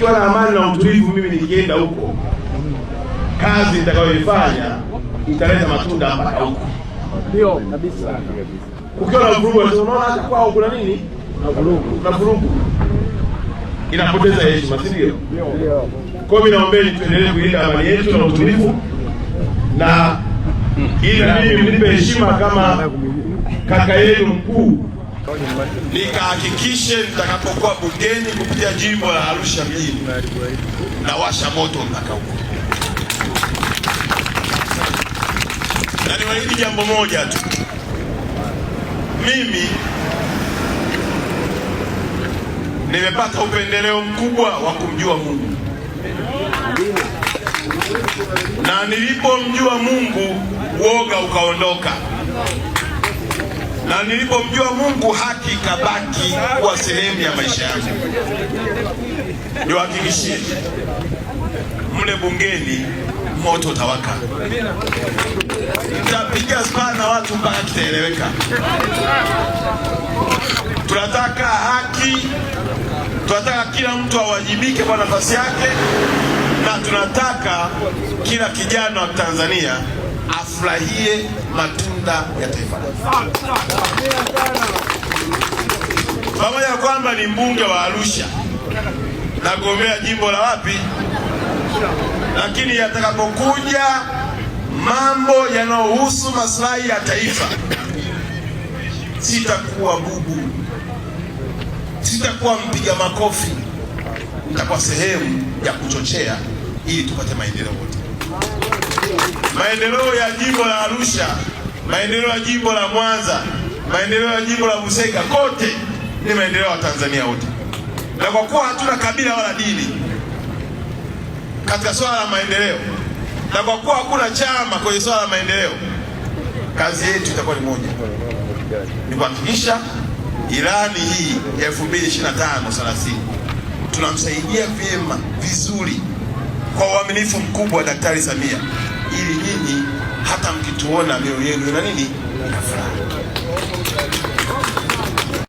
kukiwa na amani na utulivu, mimi nikienda huko, kazi nitakayoifanya italeta matunda mpaka huko. Ndio kabisa. Kukiwa na vurugu, unaona hata kwao kuna nini, na vurugu, inapoteza heshima, si ndio? Kwa hiyo naombeni tuendelee kuilinda amani yetu na utulivu, na ili mimi mnipe heshima kama kaka yenu mkuu nikahakikishe nitakapokuwa bungeni kupitia jimbo la Arusha mjini nawasha moto mpaka huko, na niwaahidi jambo moja tu, mimi nimepata upendeleo mkubwa wa kumjua Mungu na nilipomjua Mungu uoga ukaondoka na nilipomjua Mungu haki kabaki kuwa sehemu ya maisha yangu. Niwahakikishie mle bungeni moto utawaka, tutapiga spana watu mpaka tutaeleweka. Tunataka haki, tunataka kila mtu awajibike kwa nafasi yake, na tunataka kila kijana wa Tanzania afurahie matunda ya taifa. Pamoja na kwamba ni mbunge wa Arusha nagombea jimbo la wapi, lakini yatakapokuja mambo yanayohusu maslahi ya taifa, sitakuwa bubu, sitakuwa mpiga makofi, nitakuwa sehemu ya kuchochea ili tupate maendeleo wote maendeleo ya jimbo la Arusha, maendeleo ya jimbo la Mwanza, maendeleo ya jimbo la Busega, kote ni maendeleo ya Tanzania wote. Na kwa kuwa hatuna kabila wala dini katika swala la maendeleo, na kwa kuwa hakuna chama kwenye swala la maendeleo, kazi yetu itakuwa ni moja, ni kuhakikisha ilani hii ya 2025 30 tunamsaidia vyema vizuri kwa uaminifu mkubwa Daktari Samia ili nyinyi hata mkituona mioyo yenu na nini furaha.